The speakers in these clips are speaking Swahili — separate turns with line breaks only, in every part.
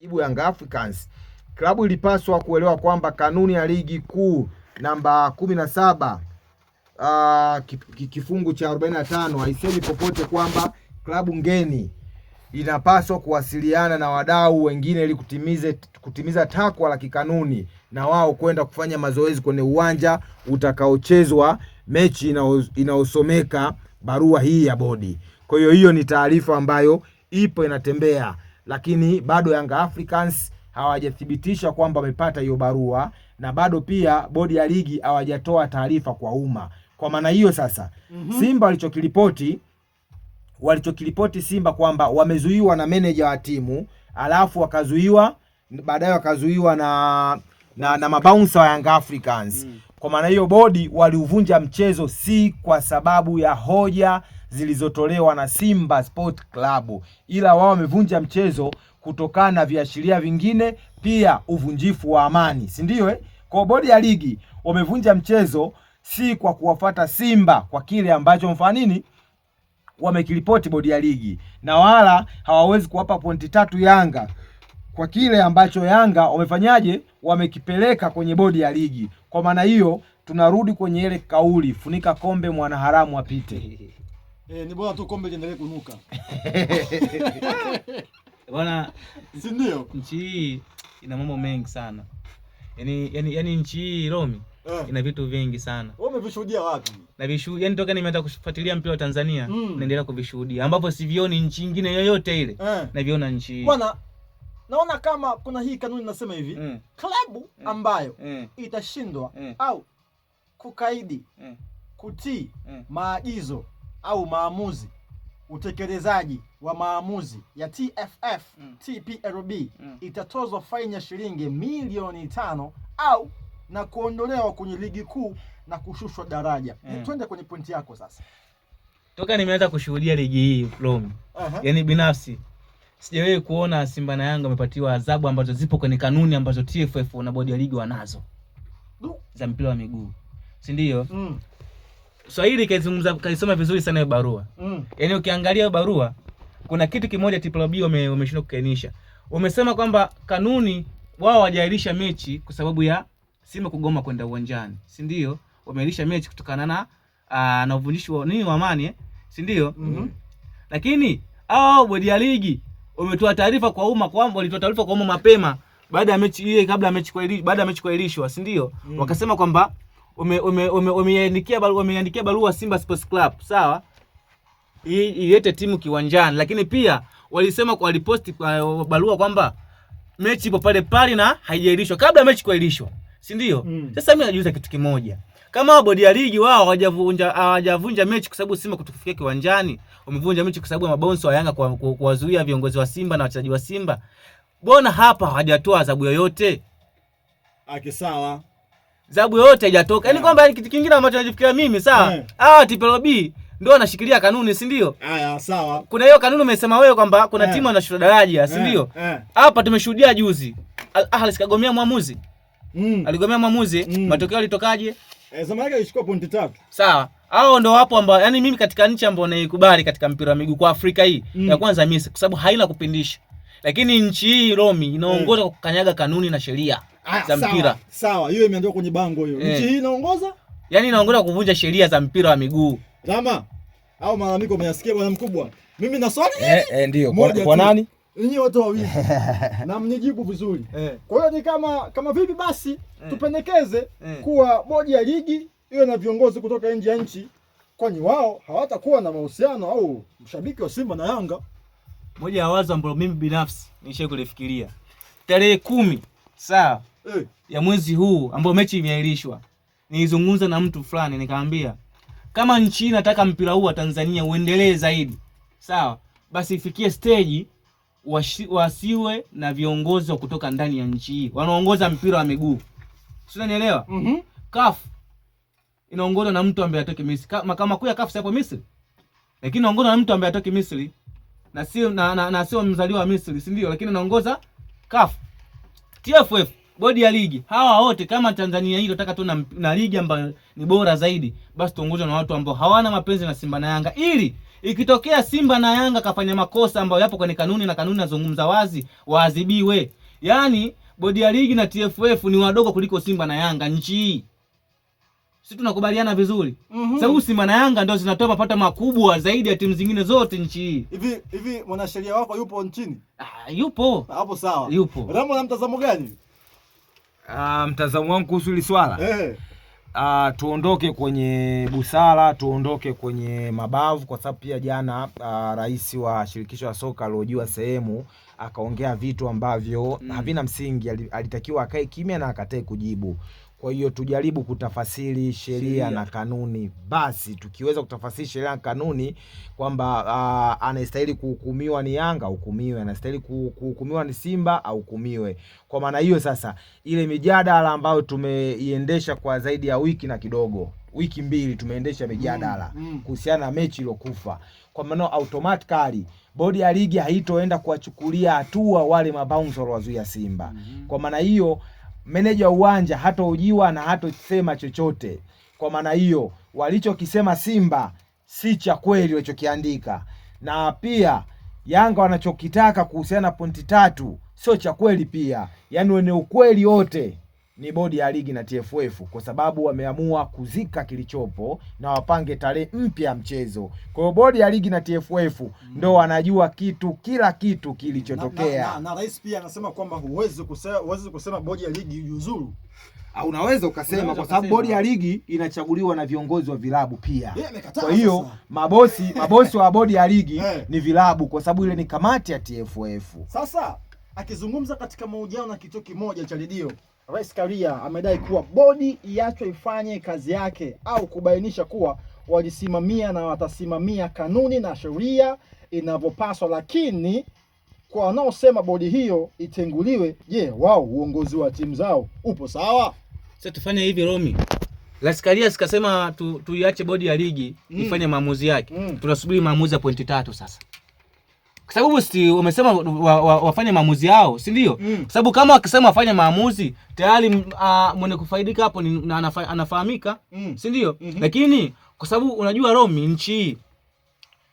Ibu Young Africans. Klabu ilipaswa kuelewa kwamba kanuni ya ligi kuu namba 17 uh, ah, kifungu cha 45 haisemi popote kwamba klabu ngeni inapaswa kuwasiliana na wadau wengine ili kutimize, kutimiza takwa la kikanuni na wao kwenda kufanya mazoezi kwenye uwanja utakaochezwa mechi inayosomeka barua hii ya bodi. Kwa hiyo hiyo ni taarifa ambayo ipo inatembea lakini bado Yanga Africans hawajathibitisha kwamba wamepata hiyo barua na bado pia bodi ya ligi hawajatoa taarifa kwa umma. Kwa maana hiyo sasa, mm -hmm. Simba walichokiripoti walichokiripoti Simba kwamba wamezuiwa na meneja wa timu alafu wakazuiwa baadaye wakazuiwa na, na, na mabaunsa wa Young Africans mm. Kwa maana hiyo bodi waliuvunja mchezo si kwa sababu ya hoja zilizotolewa na Simba Sport Club, ila wao wamevunja mchezo kutokana na viashiria vingine, pia uvunjifu wa amani, si ndio eh? Kwa bodi ya ligi wamevunja mchezo si kwa kuwafata Simba kwa kile ambacho mfano nini wamekiripoti bodi ya ligi, na wala hawawezi kuwapa pointi tatu Yanga kwa kile ambacho Yanga wamefanyaje, wamekipeleka kwenye bodi ya ligi. Kwa maana hiyo tunarudi kwenye ile kauli, funika kombe mwanaharamu apite.
Eh, ni bora tu kombe liendelee kunuka.
Bwana, si ndio? Nchi hii ina mambo mengi sana. Yaani yaani yaani nchi hii Romi eh, ina vitu vingi sana.
Wewe umevishuhudia wapi?
Na vishu yaani toka nimeanza kufuatilia mpira wa Tanzania mm, naendelea kuvishuhudia ambapo sivioni nchi nyingine yoyote ile. Eh. Naviona nchi hii.
Bwana, naona kama kuna hii kanuni nasema hivi, mm, klabu mm. ambayo mm, itashindwa mm, au kukaidi mm, kutii mm, maagizo au maamuzi utekelezaji wa maamuzi ya TFF mm. TPLB mm. itatozwa faini ya shilingi milioni tano au na kuondolewa kwenye ligi kuu na kushushwa daraja mm. Twende kwenye pointi yako sasa.
Toka nimeanza kushuhudia ligi hii Romi, uh -huh. yani binafsi sijawahi kuona Simba na Yanga wamepatiwa adhabu ambazo zipo kwenye kanuni ambazo TFF na bodi ya ligi wanazo za mpira wa miguu, si ndio? mm. Swahili kaizungumza kaisoma vizuri sana hiyo barua. Mm. Yaani ukiangalia hiyo barua kuna kitu kimoja TPLB wameshindwa kukainisha. Wamesema kwamba kanuni wao hawajailisha mechi kwa sababu ya Simba kugoma kwenda uwanjani, si ndio? Wameilisha mechi kutokana na uh, na uvunjishi wa nini wa amani eh? Si ndio? Mm -hmm. Lakini hao bodi ya ligi wametoa taarifa kwa umma kwamba walitoa taarifa kwa umma mapema baada ya mechi ile, kabla ya mechi kuahirishwa, baada ya mechi kuahirishwa, si ndio? Mm. Wakasema kwamba umeiandikia ume, ume ume barua ume Simba Sports Club sawa, ilete timu kiwanjani, lakini pia walisema waliposti barua kwamba mechi ipo pale pale na haijaahirishwa kabla mechi kuahirishwa, si ndio? Mm. Sasa mimi najiuliza kitu kimoja, kama bodi ya ligi wao hawajavunja hawajavunja mechi kwa sababu Simba kutufikia kiwanjani, wamevunja mechi kwa sababu ya mabonso wa Yanga kuwazuia viongozi wa Simba na wachezaji wa Simba, mbona hapa hawajatoa adhabu yoyote?
Ake sawa.
Zabu yote haijatoka. Yaani kwamba kitu kingine ambacho najifikiria mimi sawa. Ah, Tipelo TPLB ndio anashikilia kanuni si ndio?
Aya, sawa. Kuna
hiyo kanuni umesema wewe kwamba kuna timu anashuka daraja si ndio? Hapa tumeshuhudia juzi. Al Ahly sikagomea mwamuzi. Mm. Aligomea mwamuzi, mm. Matokeo yalitokaje?
Eh, Zamalek ilichukua pointi tatu.
Sawa. Hao ndio wapo ambao yani mimi katika nchi ambayo naikubali katika mpira wa miguu kwa Afrika hii mm. ya kwanza Misri kwa sababu haina kupindisha. Lakini nchi hii Romi inaongoza mm. kwa kukanyaga kanuni na sheria. Ah, za mpira.
Sawa, hiyo imeandikwa kwenye bango hiyo. Nchi eh. hii inaongoza?
Yaani inaongoza kuvunja sheria za mpira wa miguu.
Lama au malalamiko umeyasikia bwana mkubwa? Mimi na swali
eh, eh, ndio kwa, kwa nani?
Ninyi watu wawili. na mnijibu vizuri. Eh. Kwa hiyo ni kama kama vipi basi eh. tupendekeze kuwa bodi ya ligi iwe na viongozi kutoka nje ya nchi kwani wao hawatakuwa na mahusiano au mshabiki wa Simba na Yanga.
Moja ya wazo ambalo mimi binafsi nishai kulifikiria tarehe kumi, sawa ya mwezi huu ambayo mechi imeahirishwa, nilizungumza na mtu fulani nikamwambia, kama nchi inataka mpira huu wa Tanzania uendelee zaidi, sawa basi ifikie stage wasiwe na viongozi wa kutoka ndani ya nchi hii wanaongoza mpira wa miguu, si unanielewa? mm -hmm. CAF inaongozwa na mtu ambaye atoke Misri. Makao makuu ya CAF si Misri, lakini inaongozwa na mtu ambaye atoke Misri na sio na, na, na sio mzaliwa wa Misri, si ndio? Lakini inaongoza CAF TFF bodi ya ligi, hawa wote kama Tanzania hii tunataka tu na, na ligi ambayo ni bora zaidi, basi tuongozwe na watu ambao hawana mapenzi na Simba na Yanga, ili ikitokea Simba na Yanga kafanya makosa ambayo yapo kwenye kanuni na kanuni nazungumza wazi, waadhibiwe. Yaani bodi ya ligi na TFF ni wadogo kuliko Simba na Yanga nchi hii. Sisi tunakubaliana vizuri. Mm -hmm. Sababu Simba na Yanga ndio zinatoa mapato makubwa zaidi ya timu zingine zote nchi hii.
Hivi hivi mwanasheria wako yupo nchini?
Ah, yupo.
Hapo sawa. Yupo. Rambo na mtazamo gani?
Ah, mtazamo wangu kuhusu hili swala eh. Uh, tuondoke kwenye busara, tuondoke kwenye mabavu, kwa sababu pia jana uh, rais wa shirikisho la soka aliojua sehemu akaongea vitu ambavyo mm. havina msingi. Alitakiwa akae kimya na akatae kujibu. Kwa hiyo tujaribu kutafasiri sheria na kanuni. Basi tukiweza kutafasiri sheria na kanuni kwamba uh, ah, anastahili kuhukumiwa ni Yanga ahukumiwe, anastahili kuhukumiwa ni Simba ahukumiwe. Kwa maana hiyo sasa, ile mijadala ambayo tumeiendesha kwa zaidi ya wiki na kidogo, wiki mbili tumeendesha mm, mijadala mm, mm, kuhusiana na mechi iliyokufa, kwa maana automatically bodi ya ligi haitoenda kuwachukulia hatua wale mabaunsa waliowazuia Simba mm -hmm. kwa maana hiyo meneja wa uwanja hatoujiwa na hatosema chochote. Kwa maana hiyo, walichokisema Simba si cha kweli walichokiandika, na pia Yanga wanachokitaka kuhusiana na pointi tatu sio cha kweli pia, yaani wenye ukweli wote ni bodi ya ligi na TFF kwa sababu wameamua kuzika kilichopo na wapange tarehe mpya ya mchezo. Kwa hiyo bodi ya ligi na TFF mm. ndo wanajua kitu kila kitu kilichotokea. Na,
na, na, na rais pia anasema kwamba huwezi kusema, huwezi kusema bodi ya ligi juzuru
ah, Unaweza ukasema kwa sababu bodi ya ligi inachaguliwa na viongozi wa vilabu pia. Kwa hiyo mabosi mabosi wa bodi ya ligi hey. Eh. ni vilabu kwa sababu ile ni kamati ya TFF.
Sasa akizungumza katika mahojiano na kituo kimoja cha redio Rais Karia amedai kuwa bodi iachwe ifanye kazi yake au kubainisha kuwa walisimamia na watasimamia kanuni na sheria inavyopaswa, lakini kwa wanaosema bodi hiyo itenguliwe, je, wao uongozi wa timu zao upo sawa?
Sasa tufanye hivi Romi. Rais Karia sikasema tuiache tu bodi ya ligi mm. ifanye maamuzi yake mm. tunasubiri maamuzi ya pointi tatu sasa kwa sababu si wamesema wa, wa, wafanye maamuzi yao, si ndio? Mm. Kwa sababu kama wakisema wafanye maamuzi tayari uh, mwenye kufaidika hapo ni anafa, anafahamika mm. si ndio? Mm -hmm. Lakini kwa sababu unajua Romi, nchi hii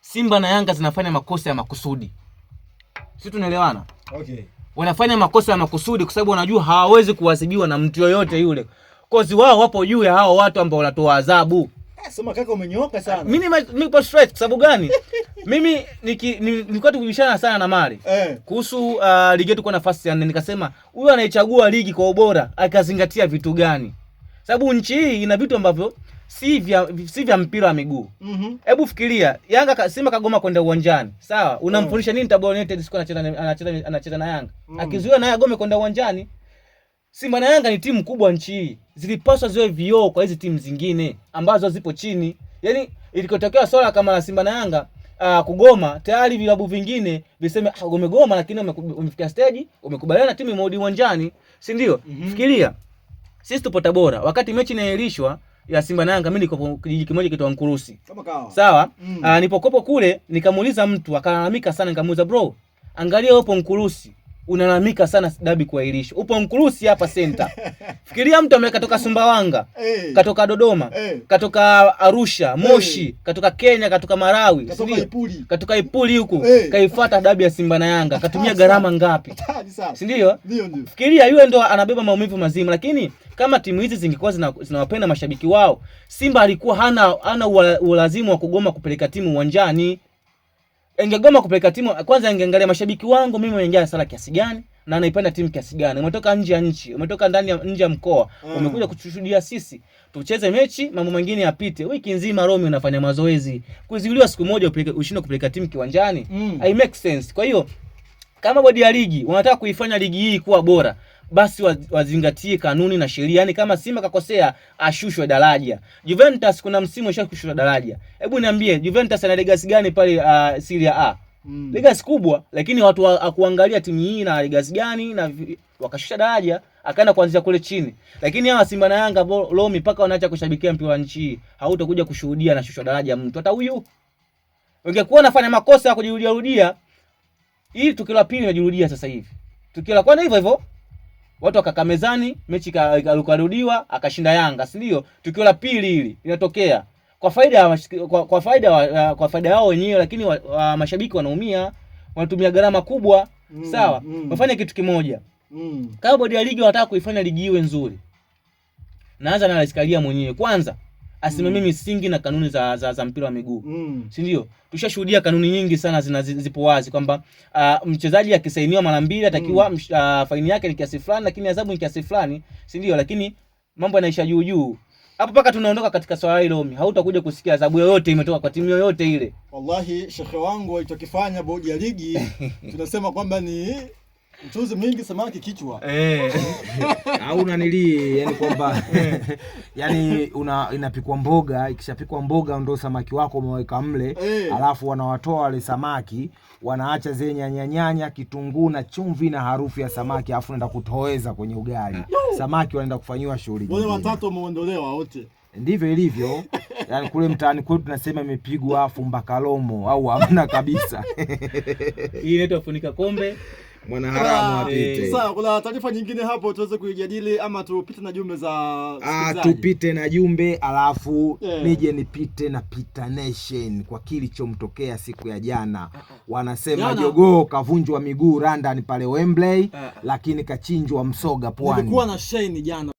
Simba na Yanga zinafanya makosa ya makusudi, si tunaelewana? Okay. Wanafanya makosa ya makusudi kwa sababu wanajua hawawezi kuwasibiwa na mtu yoyote yule, kozi wao wapo juu ya hao watu ambao wanatoa adhabu.
Eh, sema kaka, umenyooka sana. Mimi
nipo stress kwa sababu gani? Mimi nilikuwa tukibishana sana na mali eh, kuhusu uh, ligi yetu kwa nafasi ya nne, nikasema huyu anayechagua ligi kwa ubora akazingatia vitu gani? Sababu nchi hii ina vitu ambavyo si vya si vya mpira wa miguu. Mhm. Hebu Mm -hmm. Fikiria, Yanga ka, Simba kagoma kwenda uwanjani. Sawa, unamfundisha mm. nini Tabora United siku anacheza anacheza anacheza na Yanga? Mm. Akizuia naye agome kwenda uwanjani. Simba na Yanga ni timu kubwa nchi hii. Zilipaswa ziwe vioo kwa hizi timu zingine ambazo zipo chini. Yaani ilikotokea swala kama la Simba na Yanga uh, kugoma tayari vilabu vingine viseme ah, umegoma lakini umefikia stage umekubaliana timu imeudi uwanjani, si ndio? mm -hmm. Fikiria sisi tupo Tabora, wakati mechi inaahirishwa ya Simba na Yanga, mimi niko kijiji kimoja kitoa Nkurusi, sawa mm. Uh, ah, nipokopo kule nikamuuliza mtu akalalamika sana, nikamuuliza bro, angalia upo Nkurusi unalalamika sana dabi kuahirishwa, upo Nkurusi hapa center Fikiria mtu ambaye katoka Sumbawanga, hey, eh. katoka Dodoma, hey, eh. katoka Arusha, eh. Moshi, hey, katoka Kenya, katoka Marawi,
katoka Ipuli,
katoka Ipuli huko, hey, kaifuata dabi ya Simba na Yanga, katumia gharama ngapi? Si ndio? Fikiria yule ndo anabeba maumivu mazima, lakini kama timu hizi zingekuwa zinawapenda zina mashabiki wao, Simba alikuwa hana hana ulazimu wa kugoma kupeleka timu uwanjani. Ingegoma kupeleka timu kwanza, angeangalia mashabiki wangu mimi wanaingia sala kiasi gani na anaipenda timu kiasi gani. Umetoka nje ya nchi, umetoka ndani ya nje ya mkoa, mm. umekuja kutushuhudia sisi, tucheze mechi, mambo mengine yapite. Wiki nzima Romi unafanya mazoezi, kuziuliwa siku moja upeleke, ushindwe kupeleka timu kiwanjani mm. I make sense. Kwa hiyo kama bodi ya ligi wanataka kuifanya ligi hii kuwa bora basi wazingatie kanuni na sheria. Yani kama Simba kakosea ashushwe daraja. Juventus kuna msimu ishakushushwa daraja. Hebu niambie Juventus ana legacy gani pale uh, Serie A? mm. Legacy kubwa, lakini watu hakuangalia timu hii na legacy gani na wakashusha daraja akaenda kuanzia kule chini. Lakini hawa Simba na Yanga leo mipaka wanaacha kushabikia mpira wa nchi Hautakuja kushuhudia na shushwa daraja mtu hata huyu. Ungekuwa nafanya makosa ya kujirudia rudia. hii tukio la pili najirudia sasa hivi. Tukio la kwanza hivyo hivyo. Watu wakakaa mezani, mechi ikarudiwa, akashinda Yanga, si ndio? Tukio la pili hili linatokea kwa faida kwa, kwa faida kwa faida yao wenyewe, lakini wa, wa, mashabiki wanaumia, wanatumia gharama kubwa mm, sawa mm. Wafanye kitu kimoja mm. Kama bodi ya ligi wanataka kuifanya ligi iwe nzuri, naanza na Rais mwenyewe kwanza asimamie mm. misingi na kanuni za, za, za mpira wa miguu mm. si ndio? Tushashuhudia kanuni nyingi sana zinazipo wazi kwamba uh, mchezaji akisainiwa mara mbili atakiwa mm. uh, faini yake ni kiasi fulani, lakini adhabu ni kiasi fulani, si ndio? Lakini mambo yanaisha juu juu hapo mpaka tunaondoka katika swala hilo Omi, hautakuja kusikia adhabu yoyote imetoka kwa timu yoyote ile.
Wallahi shekhe wangu alichokifanya bodi ya ligi tunasema kwamba ni mchuzi mwingi samaki kichwa
eh, au nanili yani kwamba eh. yani una inapikwa mboga, ikishapikwa mboga ndio samaki wako umeweka mle eh. Alafu wanawatoa wale samaki, wanaacha zile nyanya nyanya, kitunguu na chumvi na harufu ya samaki, alafu naenda kutoweza kwenye ugali samaki wanaenda kufanyiwa shughuli.
Wale watatu wameondolewa wote,
ndivyo ilivyo. Yani kule mtaani kwetu tunasema imepigwa fumba kalomo au hamna kabisa.
Hii inaitwa funika kombe
mwanaharamu ah, apite. Eh, sawa, kuna taarifa nyingine hapo tuweze kuijadili ama tupite na jumbe za
ah, tupite na jumbe alafu yeah. Nije nipite na Pita Nation kwa kilichomtokea siku ya jana. Wanasema jogoo kavunjwa miguu London pale Wembley, yeah. Lakini kachinjwa msoga pwani.
Nilikuwa na shine jana.